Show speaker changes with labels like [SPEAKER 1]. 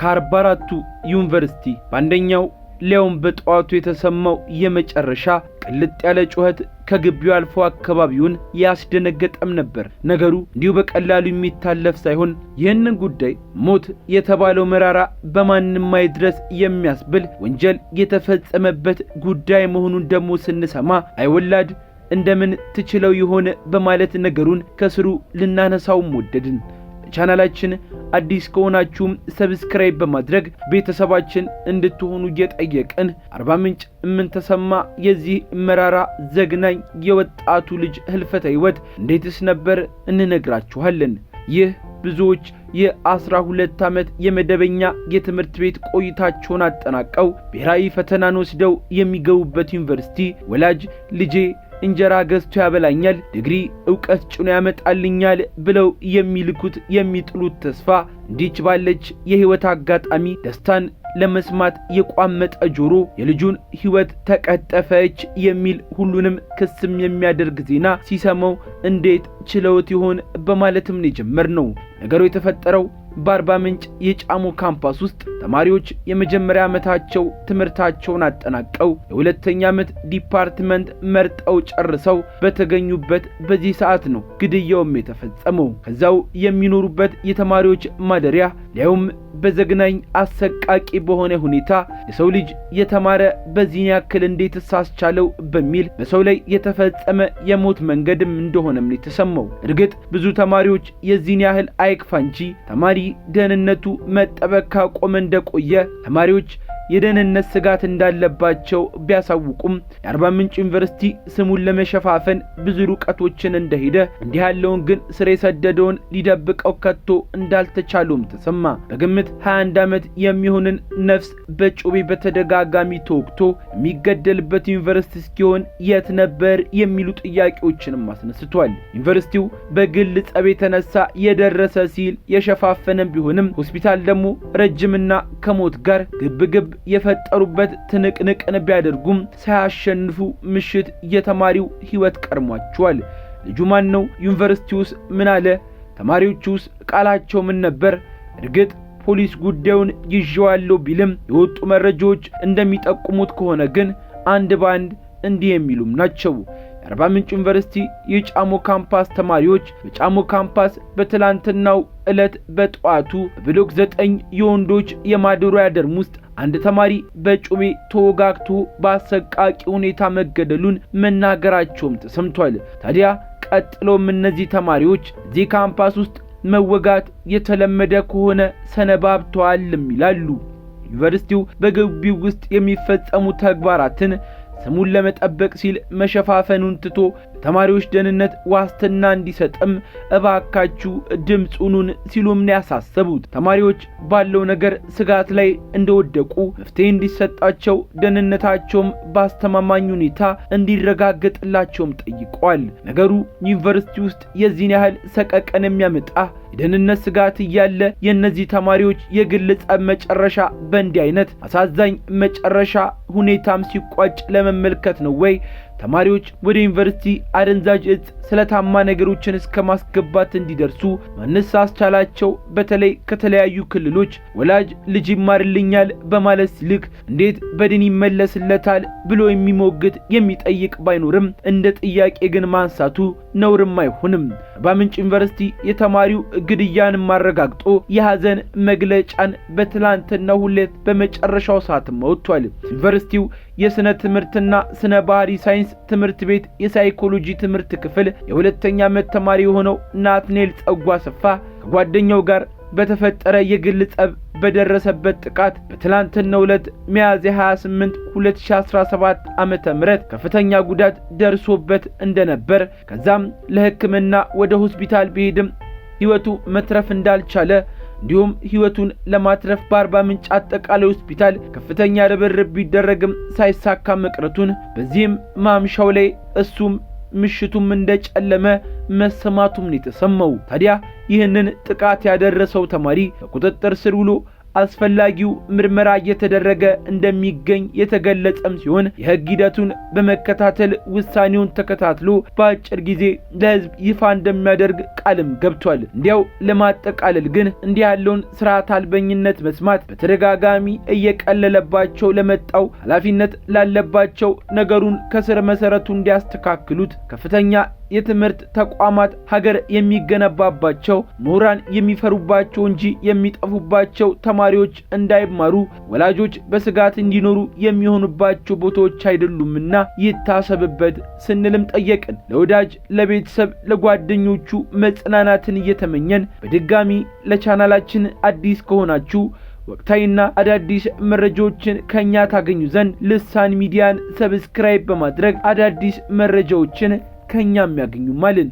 [SPEAKER 1] ከአርባ ዩኒቨርሲቲ በአንደኛው ሊያውም በጠዋቱ የተሰማው የመጨረሻ ቅልጥ ያለ ጩኸት ከግቢው አልፎ አካባቢውን ያስደነገጠም ነበር። ነገሩ እንዲሁ በቀላሉ የሚታለፍ ሳይሆን ይህንን ጉዳይ ሞት የተባለው መራራ በማንም አይድረስ የሚያስብል ወንጀል የተፈጸመበት ጉዳይ መሆኑን ደግሞ ስንሰማ አይወላድ እንደምን ትችለው የሆነ በማለት ነገሩን ከስሩ ልናነሳውም ወደድን። ቻናላችን አዲስ ከሆናችሁም ሰብስክራይብ በማድረግ ቤተሰባችን እንድትሆኑ እየጠየቅን አርባ ምንጭ የምንተሰማ የዚህ መራራ ዘግናኝ የወጣቱ ልጅ ህልፈተ ህይወት እንዴትስ ነበር እንነግራችኋለን። ይህ ብዙዎች የአስራ ሁለት ዓመት የመደበኛ የትምህርት ቤት ቆይታቸውን አጠናቀው ብሔራዊ ፈተናን ወስደው የሚገቡበት ዩኒቨርሲቲ ወላጅ ልጄ እንጀራ ገዝቶ ያበላኛል፣ ድግሪ እውቀት ጭኖ ያመጣልኛል ብለው የሚልኩት የሚጥሉት ተስፋ እንዲች ባለች የህይወት አጋጣሚ ደስታን ለመስማት የቋመጠ ጆሮ የልጁን ሕይወት ተቀጠፈች የሚል ሁሉንም ክስም የሚያደርግ ዜና ሲሰማው እንዴት ችለውት ይሆን በማለትም ነው ነው። ነገሩ የተፈጠረው በአርባ ምንጭ የጫሞ ካምፓስ ውስጥ ተማሪዎች የመጀመሪያ ዓመታቸው ትምህርታቸውን አጠናቀው የሁለተኛ ዓመት ዲፓርትመንት መርጠው ጨርሰው በተገኙበት በዚህ ሰዓት ነው ግድያውም የተፈጸመው። ከዛው የሚኖሩበት የተማሪዎች ማደሪያ ሊያውም በዘግናኝ አሰቃቂ በሆነ ሁኔታ የሰው ልጅ የተማረ በዚህን ያክል እንዴትስ አስቻለው በሚል በሰው ላይ የተፈጸመ የሞት መንገድም እንደሆነም የተሰማው። እርግጥ ብዙ ተማሪዎች የዚህን ያህል አይክፋ እንጂ ተማሪ ደህንነቱ መጠበቅ ካቆመ እንደቆየ ተማሪዎች የደህንነት ስጋት እንዳለባቸው ቢያሳውቁም የአርባ ምንጭ ዩኒቨርሲቲ ስሙን ለመሸፋፈን ብዙ ርቀቶችን እንደሄደ እንዲህ ያለውን ግን ስር የሰደደውን ሊደብቀው ከቶ እንዳልተቻሉም ተሰማ። በግምት 21 ዓመት የሚሆንን ነፍስ በጩቤ በተደጋጋሚ ተወግቶ የሚገደልበት ዩኒቨርሲቲ እስኪሆን የት ነበር የሚሉ ጥያቄዎችንም አስነስቷል። ዩኒቨርሲቲው በግል ጸብ የተነሳ የደረሰ ሲል የሸፋፈነም ቢሆንም ሆስፒታል ደግሞ ረጅምና ከሞት ጋር ግብግብ የፈጠሩበት ትንቅንቅን ቢያደርጉም ሳያሸንፉ ምሽት የተማሪው ሕይወት ቀድሟቸዋል። ልጁ ማን ነው? ዩኒቨርሲቲውስ ምን አለ? ተማሪዎቹስ ቃላቸው ምን ነበር? እርግጥ ፖሊስ ጉዳዩን ይዤዋለሁ ቢልም የወጡ መረጃዎች እንደሚጠቁሙት ከሆነ ግን አንድ በአንድ እንዲህ የሚሉም ናቸው። የአርባ ምንጭ ዩኒቨርሲቲ የጫሞ ካምፓስ ተማሪዎች በጫሞ ካምፓስ በትላንትናው ዕለት በጠዋቱ በብሎክ ዘጠኝ የወንዶች የማደሪያ ደርም ውስጥ አንድ ተማሪ በጩሜ ተወጋግቶ በአሰቃቂ ሁኔታ መገደሉን መናገራቸውም ተሰምቷል። ታዲያ ቀጥሎም እነዚህ ተማሪዎች እዚህ ካምፓስ ውስጥ መወጋት የተለመደ ከሆነ ሰነባብተዋልም ይላሉ። ዩኒቨርሲቲው በግቢው ውስጥ የሚፈጸሙ ተግባራትን ስሙን ለመጠበቅ ሲል መሸፋፈኑን ትቶ ተማሪዎች ደህንነት ዋስትና እንዲሰጥም እባካችሁ ድምፁኑን ሲሉም ነው ያሳሰቡት። ተማሪዎች ባለው ነገር ስጋት ላይ እንደወደቁ መፍትሄ እንዲሰጣቸው ደህንነታቸውም በአስተማማኝ ሁኔታ እንዲረጋገጥላቸውም ጠይቋል። ነገሩ ዩኒቨርሲቲ ውስጥ የዚህን ያህል ሰቀቀን የሚያመጣ የደህንነት ስጋት እያለ የእነዚህ ተማሪዎች የግል ጸብ መጨረሻ በእንዲህ አይነት አሳዛኝ መጨረሻ ሁኔታም ሲቋጭ ለመመልከት ነው ወይ? ተማሪዎች ወደ ዩኒቨርሲቲ አደንዛዥ እጽ፣ ስለታማ ነገሮችን እስከ ማስገባት እንዲደርሱ ማንስ አስቻላቸው? በተለይ ከተለያዩ ክልሎች ወላጅ ልጅ ይማርልኛል በማለት ሲልክ እንዴት በድን ይመለስለታል ብሎ የሚሞግት የሚጠይቅ ባይኖርም እንደ ጥያቄ ግን ማንሳቱ ነውርም አይሆንም። በምንጭ ዩኒቨርሲቲ የተማሪው እግድያን ማረጋግጦ፣ የሐዘን መግለጫን በትላንትና ሁለት በመጨረሻው ሰዓትም መውቷል። ዩኒቨርሲቲው የሥነ ትምህርትና ሥነ ባህሪ ሳይንስ ትምህርት ቤት የሳይኮሎጂ ትምህርት ክፍል የሁለተኛ ዓመት ተማሪ የሆነው ናትኔል ጸጓ ስፋ ከጓደኛው ጋር በተፈጠረ የግል ጸብ በደረሰበት ጥቃት በትላንትናው ዕለት ሚያዝያ 28 2017 ም ከፍተኛ ጉዳት ደርሶበት እንደነበር ከዛም ለሕክምና ወደ ሆስፒታል ቢሄድም ሕይወቱ መትረፍ እንዳልቻለ እንዲሁም ሕይወቱን ለማትረፍ በአርባ ምንጭ አጠቃላይ ሆስፒታል ከፍተኛ ርብርብ ቢደረግም ሳይሳካ መቅረቱን በዚህም ማምሻው ላይ እሱም ምሽቱም እንደጨለመ መሰማቱም ነው የተሰማው ታዲያ ይህንን ጥቃት ያደረሰው ተማሪ በቁጥጥር ስር ውሎ አስፈላጊው ምርመራ እየተደረገ እንደሚገኝ የተገለጸም ሲሆን የሕግ ሂደቱን በመከታተል ውሳኔውን ተከታትሎ በአጭር ጊዜ ለሕዝብ ይፋ እንደሚያደርግ ቃልም ገብቷል። እንዲያው ለማጠቃለል ግን እንዲህ ያለውን ስርዓት አልበኝነት መስማት በተደጋጋሚ እየቀለለባቸው ለመጣው ኃላፊነት ላለባቸው ነገሩን ከስር መሰረቱ እንዲያስተካክሉት ከፍተኛ የትምህርት ተቋማት ሀገር የሚገነባባቸው ምሁራን የሚፈሩባቸው እንጂ የሚጠፉባቸው ተማሪዎች እንዳይማሩ ወላጆች በስጋት እንዲኖሩ የሚሆኑባቸው ቦታዎች አይደሉምና ይታሰብበት ስንልም ጠየቅን። ለወዳጅ ለቤተሰብ፣ ለጓደኞቹ መጽናናትን እየተመኘን በድጋሚ ለቻናላችን አዲስ ከሆናችሁ ወቅታዊና አዳዲስ መረጃዎችን ከእኛ ታገኙ ዘንድ ልሳን ሚዲያን ሰብስክራይብ በማድረግ አዳዲስ መረጃዎችን ከእኛ የሚያገኙ ማልን